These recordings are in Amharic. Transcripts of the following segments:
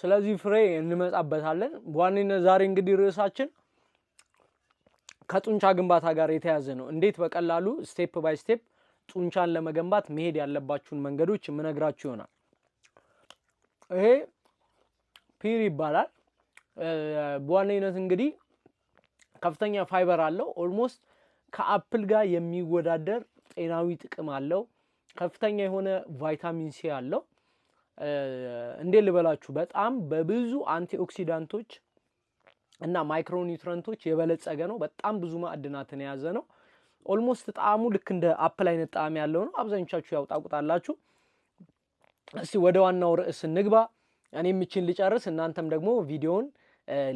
ስለዚህ ፍሬ እንመጣበታለን። በዋነኝነት ዛሬ እንግዲህ ርዕሳችን ከጡንቻ ግንባታ ጋር የተያዘ ነው። እንዴት በቀላሉ ስቴፕ ባይ ስቴፕ ጡንቻን ለመገንባት መሄድ ያለባችሁን መንገዶች የምነግራችሁ ይሆናል። ይሄ ፒር ይባላል። በዋነኝነት እንግዲህ ከፍተኛ ፋይበር አለው። ኦልሞስት ከአፕል ጋር የሚወዳደር ጤናዊ ጥቅም አለው። ከፍተኛ የሆነ ቫይታሚን ሲ አለው። እንዴት ልበላችሁ በጣም በብዙ አንቲኦክሲዳንቶች እና ማይክሮኒውትረንቶች የበለጸገ ነው። በጣም ብዙ ማዕድናትን የያዘ ነው። ኦልሞስት ጣዕሙ ልክ እንደ አፕል አይነት ጣዕም ያለው ነው። አብዛኞቻችሁ ያውጣቁጣላችሁ። እስቲ ወደ ዋናው ርዕስ እንግባ። እኔ የምችን ልጨርስ፣ እናንተም ደግሞ ቪዲዮውን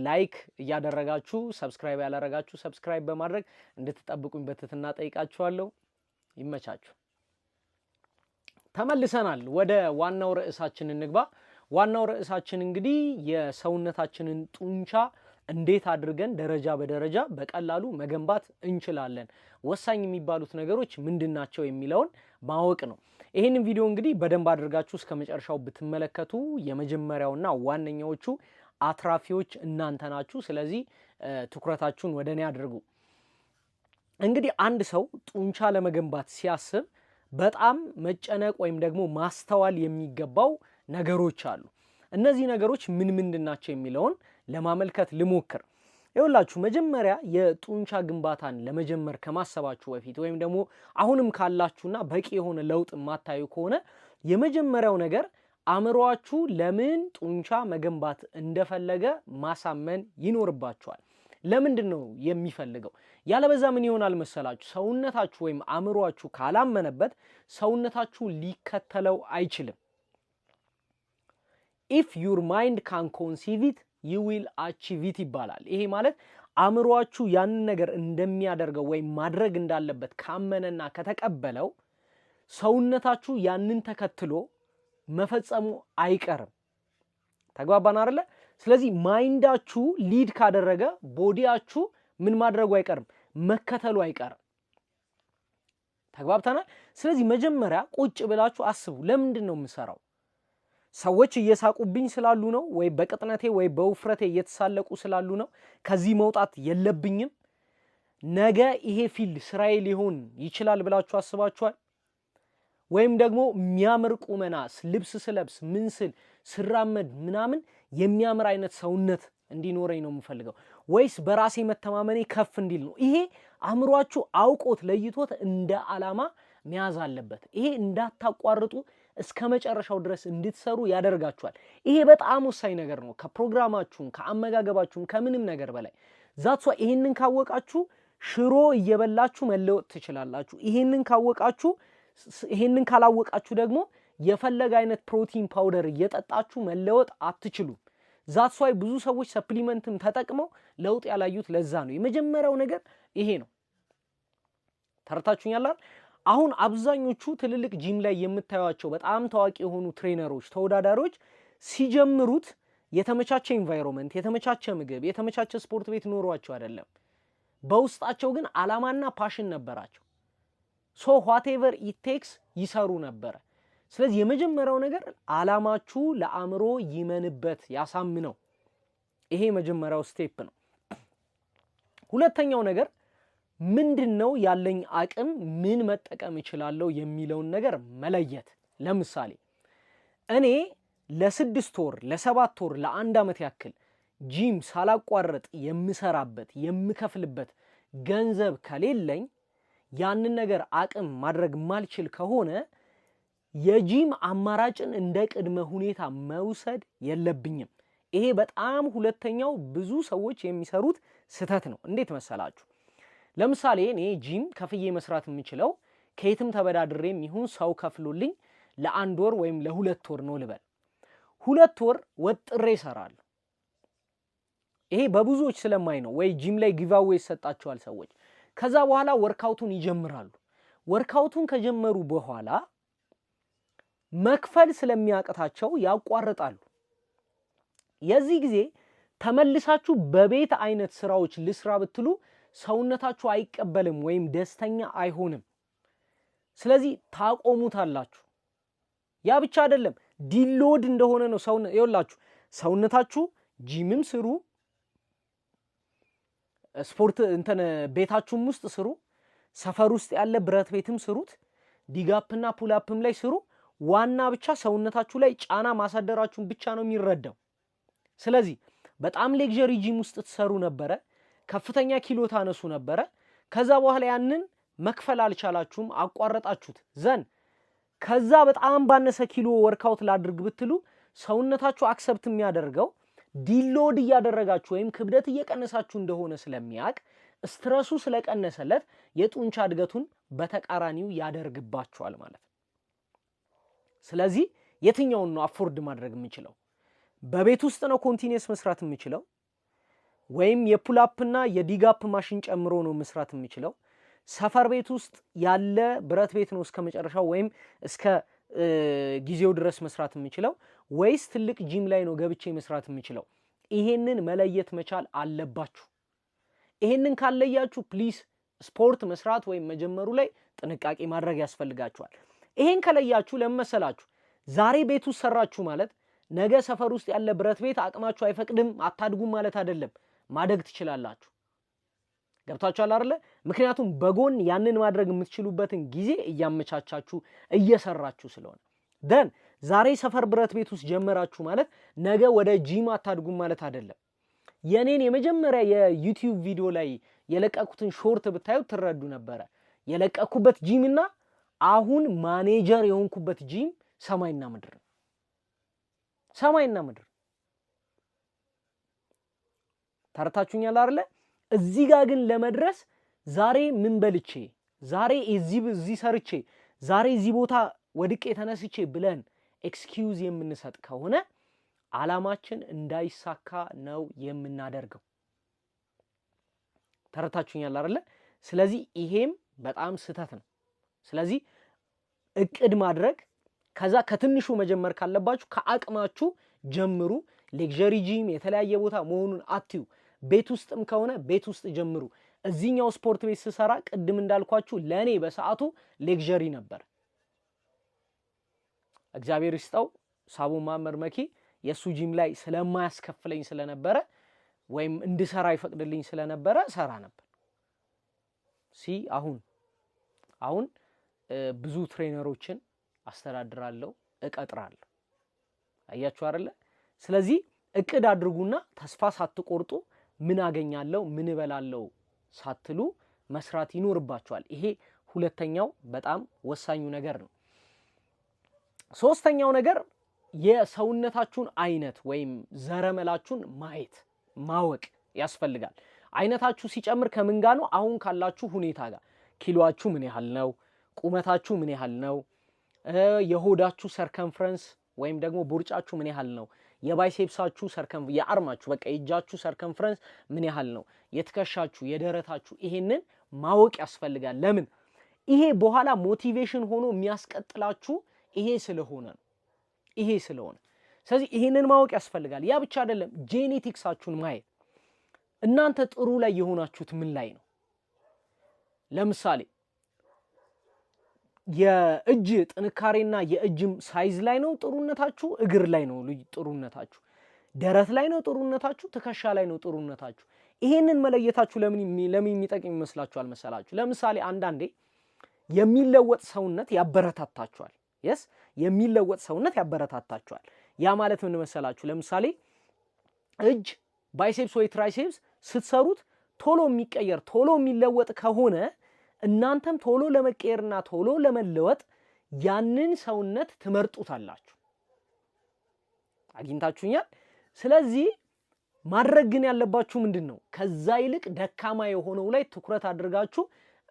ላይክ እያደረጋችሁ ሰብስክራይብ ያላረጋችሁ ሰብስክራይብ በማድረግ እንድትጠብቁኝ በትህትና ጠይቃችኋለሁ። ይመቻችሁ። ተመልሰናል። ወደ ዋናው ርዕሳችን እንግባ። ዋናው ርዕሳችን እንግዲህ የሰውነታችንን ጡንቻ እንዴት አድርገን ደረጃ በደረጃ በቀላሉ መገንባት እንችላለን፣ ወሳኝ የሚባሉት ነገሮች ምንድናቸው የሚለውን ማወቅ ነው። ይህንን ቪዲዮ እንግዲህ በደንብ አድርጋችሁ እስከ መጨረሻው ብትመለከቱ የመጀመሪያውና ዋነኛዎቹ አትራፊዎች እናንተ ናችሁ። ስለዚህ ትኩረታችሁን ወደ እኔ አድርጉ። እንግዲህ አንድ ሰው ጡንቻ ለመገንባት ሲያስብ በጣም መጨነቅ ወይም ደግሞ ማስተዋል የሚገባው ነገሮች አሉ። እነዚህ ነገሮች ምን ምንድን ናቸው የሚለውን ለማመልከት ልሞክር። ይኸውላችሁ መጀመሪያ የጡንቻ ግንባታን ለመጀመር ከማሰባችሁ በፊት ወይም ደግሞ አሁንም ካላችሁና በቂ የሆነ ለውጥ የማታዩ ከሆነ የመጀመሪያው ነገር አእምሯችሁ ለምን ጡንቻ መገንባት እንደፈለገ ማሳመን ይኖርባችኋል። ለምንድን ነው የሚፈልገው? ያለበዛ ምን ይሆናል መሰላችሁ? ሰውነታችሁ ወይም አእምሯችሁ ካላመነበት ሰውነታችሁ ሊከተለው አይችልም። ኢፍ ዩር ማይንድ ካን ኮንሲቭ ኢት ዩ ዊል አቺቭ ይባላል። ይሄ ማለት አእምሯችሁ ያንን ነገር እንደሚያደርገው ወይም ማድረግ እንዳለበት ካመነና ከተቀበለው ሰውነታችሁ ያንን ተከትሎ መፈጸሙ አይቀርም። ተግባባን አይደለ? ስለዚህ ማይንዳችሁ ሊድ ካደረገ ቦዲያችሁ ምን ማድረጉ አይቀርም፣ መከተሉ አይቀርም። ተግባብተናል። ስለዚህ መጀመሪያ ቁጭ ብላችሁ አስቡ። ለምንድን ነው የምሰራው? ሰዎች እየሳቁብኝ ስላሉ ነው ወይ? በቅጥነቴ ወይ በውፍረቴ እየተሳለቁ ስላሉ ነው? ከዚህ መውጣት የለብኝም። ነገ ይሄ ፊልድ ስራዬ ሊሆን ይችላል ብላችሁ አስባችኋል? ወይም ደግሞ የሚያምር ቁመናስ ልብስ ስለብስ ምን ስል ስራመድ ምናምን የሚያምር አይነት ሰውነት እንዲኖረኝ ነው የምፈልገው ወይስ በራሴ መተማመኔ ከፍ እንዲል ነው? ይሄ አእምሯችሁ አውቆት ለይቶት እንደ አላማ መያዝ አለበት። ይሄ እንዳታቋርጡ እስከ መጨረሻው ድረስ እንድትሰሩ ያደርጋችኋል። ይሄ በጣም ወሳኝ ነገር ነው። ከፕሮግራማችሁም ከአመጋገባችሁም ከምንም ነገር በላይ ዛትሷ ይሄንን ካወቃችሁ ሽሮ እየበላችሁ መለወጥ ትችላላችሁ። ይሄንን ካወቃችሁ ይሄንን ካላወቃችሁ ደግሞ የፈለገ አይነት ፕሮቲን ፓውደር እየጠጣችሁ መለወጥ አትችሉም። ዛትሷይ ብዙ ሰዎች ሰፕሊመንትም ተጠቅመው ለውጥ ያላዩት ለዛ ነው። የመጀመሪያው ነገር ይሄ ነው። ተረታችሁኛላል። አሁን አብዛኞቹ ትልልቅ ጂም ላይ የምታዩቸው በጣም ታዋቂ የሆኑ ትሬነሮች፣ ተወዳዳሪዎች ሲጀምሩት የተመቻቸ ኢንቫይሮንመንት፣ የተመቻቸ ምግብ፣ የተመቻቸ ስፖርት ቤት ኖሯቸው አይደለም። በውስጣቸው ግን አላማና ፓሽን ነበራቸው። ሶ ዋቴቨር ቴክስ ይሰሩ ነበረ። ስለዚህ የመጀመሪያው ነገር አላማችሁ ለአእምሮ ይመንበት፣ ያሳምነው። ይሄ የመጀመሪያው ስቴፕ ነው። ሁለተኛው ነገር ምንድን ነው ያለኝ አቅም፣ ምን መጠቀም እችላለሁ የሚለውን ነገር መለየት። ለምሳሌ እኔ ለስድስት ወር ለሰባት ወር ለአንድ ዓመት ያክል ጂም ሳላቋረጥ የምሰራበት የምከፍልበት ገንዘብ ከሌለኝ ያንን ነገር አቅም ማድረግ ማልችል ከሆነ የጂም አማራጭን እንደ ቅድመ ሁኔታ መውሰድ የለብኝም። ይሄ በጣም ሁለተኛው ብዙ ሰዎች የሚሰሩት ስህተት ነው። እንዴት መሰላችሁ? ለምሳሌ እኔ ጂም ከፍዬ መስራት የምችለው ከየትም ተበዳድሬም ይሁን ሰው ከፍሎልኝ ለአንድ ወር ወይም ለሁለት ወር ነው ልበል። ሁለት ወር ወጥሬ ይሰራል። ይሄ በብዙዎች ስለማይ ነው። ወይ ጂም ላይ ጊቫዌ ይሰጣቸዋል ሰዎች። ከዛ በኋላ ወርካውቱን ይጀምራሉ። ወርካውቱን ከጀመሩ በኋላ መክፈል ስለሚያቅታቸው ያቋርጣሉ። የዚህ ጊዜ ተመልሳችሁ በቤት አይነት ስራዎች ልስራ ብትሉ ሰውነታችሁ አይቀበልም ወይም ደስተኛ አይሆንም። ስለዚህ ታቆሙታላችሁ። ያ ብቻ አይደለም፣ ዲሎድ እንደሆነ ነው ሰውነት ይወላችሁ። ሰውነታችሁ ጂምም ስሩ፣ ስፖርት እንትን ቤታችሁም ውስጥ ስሩ፣ ሰፈር ውስጥ ያለ ብረት ቤትም ስሩት፣ ዲጋፕና ፑላፕም ላይ ስሩ። ዋና ብቻ ሰውነታችሁ ላይ ጫና ማሳደራችሁን ብቻ ነው የሚረዳው። ስለዚህ በጣም ሌግዠሪ ጂም ውስጥ ትሰሩ ነበረ፣ ከፍተኛ ኪሎ ታነሱ ነበረ። ከዛ በኋላ ያንን መክፈል አልቻላችሁም፣ አቋረጣችሁት ዘን ከዛ በጣም ባነሰ ኪሎ ወርካውት ላድርግ ብትሉ ሰውነታችሁ አክሰብት የሚያደርገው ዲሎድ እያደረጋችሁ ወይም ክብደት እየቀነሳችሁ እንደሆነ ስለሚያውቅ ስትረሱ ስለቀነሰለት የጡንቻ እድገቱን በተቃራኒው ያደርግባችኋል ማለት ነው። ስለዚህ የትኛውን ነው አፎርድ ማድረግ የምችለው? በቤት ውስጥ ነው ኮንቲኒየስ መስራት የምችለው ወይም የፑላፕና የዲጋፕ ማሽን ጨምሮ ነው መስራት የምችለው? ሰፈር ቤት ውስጥ ያለ ብረት ቤት ነው እስከ መጨረሻው ወይም እስከ ጊዜው ድረስ መስራት የምችለው ወይስ ትልቅ ጂም ላይ ነው ገብቼ መስራት የምችለው? ይሄንን መለየት መቻል አለባችሁ። ይሄንን ካለያችሁ ፕሊስ ስፖርት መስራት ወይም መጀመሩ ላይ ጥንቃቄ ማድረግ ያስፈልጋችኋል። ይሄን ከለያችሁ ለመሰላችሁ ዛሬ ቤት ውስጥ ሰራችሁ ማለት ነገ ሰፈር ውስጥ ያለ ብረት ቤት አቅማችሁ አይፈቅድም አታድጉም ማለት አይደለም። ማደግ ትችላላችሁ። ገብታችኋል አይደለ? ምክንያቱም በጎን ያንን ማድረግ የምትችሉበትን ጊዜ እያመቻቻችሁ እየሰራችሁ ስለሆነ ደን ዛሬ ሰፈር ብረት ቤት ውስጥ ጀመራችሁ ማለት ነገ ወደ ጂም አታድጉም ማለት አይደለም። የኔን የመጀመሪያ የዩቲዩብ ቪዲዮ ላይ የለቀኩትን ሾርት ብታዩ ትረዱ ነበረ። የለቀኩበት ጂም እና አሁን ማኔጀር የሆንኩበት ጂም ሰማይና ምድር ነው። ሰማይና ምድር ተረታችሁኛል አይደለ? እዚህ ጋር ግን ለመድረስ ዛሬ ምን በልቼ፣ ዛሬ እዚህ እዚህ ሰርቼ፣ ዛሬ እዚህ ቦታ ወድቄ ተነስቼ ብለን ኤክስኪውዝ የምንሰጥ ከሆነ አላማችን እንዳይሳካ ነው የምናደርገው። ተረታችሁኛል አይደለ? ስለዚህ ይሄም በጣም ስህተት ነው። ስለዚህ እቅድ ማድረግ ከዛ ከትንሹ መጀመር ካለባችሁ ከአቅማችሁ ጀምሩ። ሌግዠሪ ጂም የተለያየ ቦታ መሆኑን አትዩ። ቤት ውስጥም ከሆነ ቤት ውስጥ ጀምሩ። እዚህኛው ስፖርት ቤት ስሰራ ቅድም እንዳልኳችሁ ለእኔ በሰዓቱ ሌግዠሪ ነበር። እግዚአብሔር ይስጠው ሳቡ ማመር መኪ የእሱ ጂም ላይ ስለማያስከፍለኝ ስለነበረ ወይም እንድሰራ ይፈቅድልኝ ስለነበረ ሰራ ነበር። ሲ አሁን አሁን ብዙ ትሬነሮችን አስተዳድራለሁ፣ እቀጥራለሁ። አያችሁ አይደለ? ስለዚህ እቅድ አድርጉና ተስፋ ሳትቆርጡ ምን አገኛለሁ ምን እበላለሁ ሳትሉ መስራት ይኖርባችኋል። ይሄ ሁለተኛው በጣም ወሳኙ ነገር ነው። ሶስተኛው ነገር የሰውነታችሁን አይነት ወይም ዘረመላችሁን ማየት ማወቅ ያስፈልጋል። አይነታችሁ ሲጨምር ከምን ጋር ነው? አሁን ካላችሁ ሁኔታ ጋር ኪሎአችሁ ምን ያህል ነው? ቁመታችሁ ምን ያህል ነው? የሆዳችሁ ሰርከምፍረንስ ወይም ደግሞ ቦርጫችሁ ምን ያህል ነው? የባይሴፕሳችሁ ሰርከም የአርማችሁ በቃ የእጃችሁ ሰርከምፍረንስ ምን ያህል ነው? የትከሻችሁ፣ የደረታችሁ ይሄንን ማወቅ ያስፈልጋል። ለምን? ይሄ በኋላ ሞቲቬሽን ሆኖ የሚያስቀጥላችሁ ይሄ ስለሆነ ነው። ይሄ ስለሆነ ስለዚህ ይሄንን ማወቅ ያስፈልጋል። ያ ብቻ አይደለም፣ ጄኔቲክሳችሁን ማየት እናንተ ጥሩ ላይ የሆናችሁት ምን ላይ ነው? ለምሳሌ የእጅ ጥንካሬና የእጅም ሳይዝ ላይ ነው ጥሩነታችሁ፣ እግር ላይ ነው ጥሩነታችሁ፣ ደረት ላይ ነው ጥሩነታችሁ፣ ትከሻ ላይ ነው ጥሩነታችሁ። ይሄንን መለየታችሁ ለምን የሚጠቅም ይመስላችኋል መሰላችሁ? ለምሳሌ አንዳንዴ የሚለወጥ ሰውነት ያበረታታችኋል። የስ የሚለወጥ ሰውነት ያበረታታችኋል። ያ ማለት ምን መሰላችሁ? ለምሳሌ እጅ ባይሴፕስ ወይ ትራይሴፕስ ስትሰሩት ቶሎ የሚቀየር ቶሎ የሚለወጥ ከሆነ እናንተም ቶሎ ለመቀየርና ቶሎ ለመለወጥ ያንን ሰውነት ትመርጡታላችሁ። አግኝታችሁኛል። ስለዚህ ማድረግ ግን ያለባችሁ ምንድን ነው? ከዛ ይልቅ ደካማ የሆነው ላይ ትኩረት አድርጋችሁ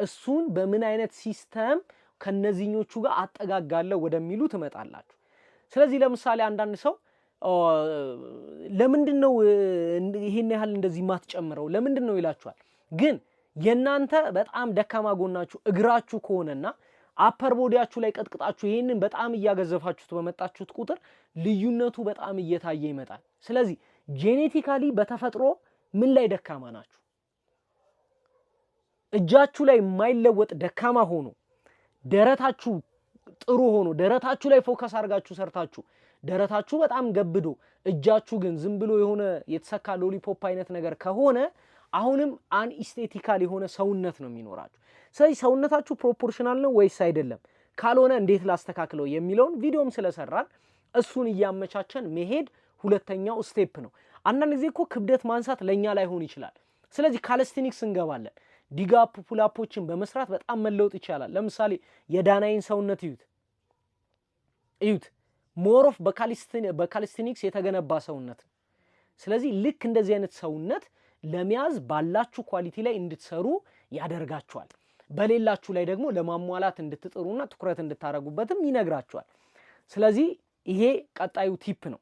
እሱን በምን አይነት ሲስተም ከነዚህኞቹ ጋር አጠጋጋለሁ ወደሚሉ ትመጣላችሁ። ስለዚህ ለምሳሌ አንዳንድ ሰው ለምንድን ነው ይሄን ያህል እንደዚህ ማትጨምረው ለምንድን ነው ይላችኋል። ግን የእናንተ በጣም ደካማ ጎናችሁ እግራችሁ ከሆነና አፐር ቦዲያችሁ ላይ ቀጥቅጣችሁ ይህንን በጣም እያገዘፋችሁት በመጣችሁት ቁጥር ልዩነቱ በጣም እየታየ ይመጣል። ስለዚህ ጄኔቲካሊ በተፈጥሮ ምን ላይ ደካማ ናችሁ? እጃችሁ ላይ የማይለወጥ ደካማ ሆኖ ደረታችሁ ጥሩ ሆኖ ደረታችሁ ላይ ፎከስ አድርጋችሁ ሰርታችሁ ደረታችሁ በጣም ገብዶ እጃችሁ ግን ዝም ብሎ የሆነ የተሰካ ሎሊፖፕ አይነት ነገር ከሆነ አሁንም ኢስቴቲካል የሆነ ሰውነት ነው የሚኖራችሁ። ስለዚህ ሰውነታችሁ ፕሮፖርሽናል ነው ወይስ አይደለም፣ ካልሆነ እንዴት ላስተካክለው የሚለውን ቪዲዮም ስለሰራን እሱን እያመቻቸን መሄድ ሁለተኛው ስቴፕ ነው። አንዳንድ ጊዜ እኮ ክብደት ማንሳት ለእኛ ላይሆን ይችላል። ስለዚህ ካለስቲኒክስ እንገባለን። ዲጋፕ ፑላፖችን በመስራት በጣም መለወጥ ይቻላል። ለምሳሌ የዳናይን ሰውነት እዩት እዩት ሞሮፍ በካሊስቲኒክስ የተገነባ ሰውነት ነው። ስለዚህ ልክ እንደዚህ አይነት ሰውነት ለመያዝ ባላችሁ ኳሊቲ ላይ እንድትሰሩ ያደርጋችኋል። በሌላችሁ ላይ ደግሞ ለማሟላት እንድትጥሩና ትኩረት እንድታደርጉበትም ይነግራችኋል። ስለዚህ ይሄ ቀጣዩ ቲፕ ነው።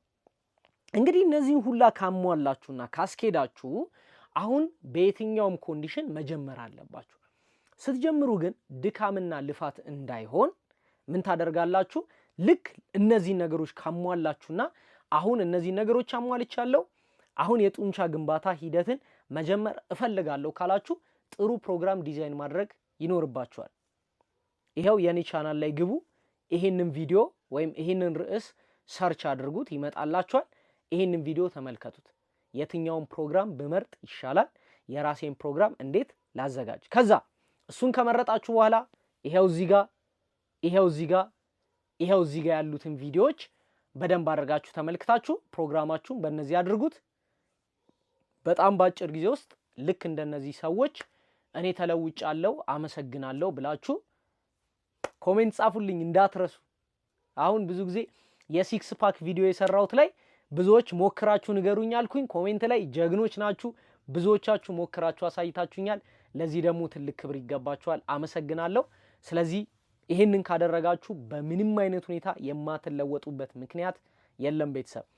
እንግዲህ እነዚህን ሁላ ካሟላችሁና ካስኬዳችሁ አሁን በየትኛውም ኮንዲሽን መጀመር አለባችሁ። ስትጀምሩ ግን ድካምና ልፋት እንዳይሆን ምን ታደርጋላችሁ? ልክ እነዚህን ነገሮች ካሟላችሁና አሁን እነዚህን ነገሮች አሟልቻለሁ አሁን የጡንቻ ግንባታ ሂደትን መጀመር እፈልጋለሁ ካላችሁ ጥሩ ፕሮግራም ዲዛይን ማድረግ ይኖርባችኋል። ይኸው የኔ ቻናል ላይ ግቡ፣ ይሄንን ቪዲዮ ወይም ይሄንን ርዕስ ሰርች አድርጉት፣ ይመጣላችኋል። ይሄንን ቪዲዮ ተመልከቱት። የትኛውን ፕሮግራም ብመርጥ ይሻላል፣ የራሴን ፕሮግራም እንዴት ላዘጋጅ። ከዛ እሱን ከመረጣችሁ በኋላ ይሄው እዚህ ጋር ይሄው እዚህ ጋር ይሄው እዚህ ጋር ያሉትን ቪዲዮዎች በደንብ አድርጋችሁ ተመልክታችሁ ፕሮግራማችሁን በእነዚህ አድርጉት። በጣም በአጭር ጊዜ ውስጥ ልክ እንደነዚህ ሰዎች እኔ ተለውጫለሁ አመሰግናለሁ ብላችሁ ኮሜንት ጻፉልኝ እንዳትረሱ። አሁን ብዙ ጊዜ የሲክስ ፓክ ቪዲዮ የሰራሁት ላይ ብዙዎች ሞክራችሁ ንገሩኝ አልኩኝ። ኮሜንት ላይ ጀግኖች ናችሁ፣ ብዙዎቻችሁ ሞክራችሁ አሳይታችሁኛል። ለዚህ ደግሞ ትልቅ ክብር ይገባችኋል። አመሰግናለሁ። ስለዚህ ይህንን ካደረጋችሁ በምንም አይነት ሁኔታ የማትለወጡበት ምክንያት የለም ቤተሰብ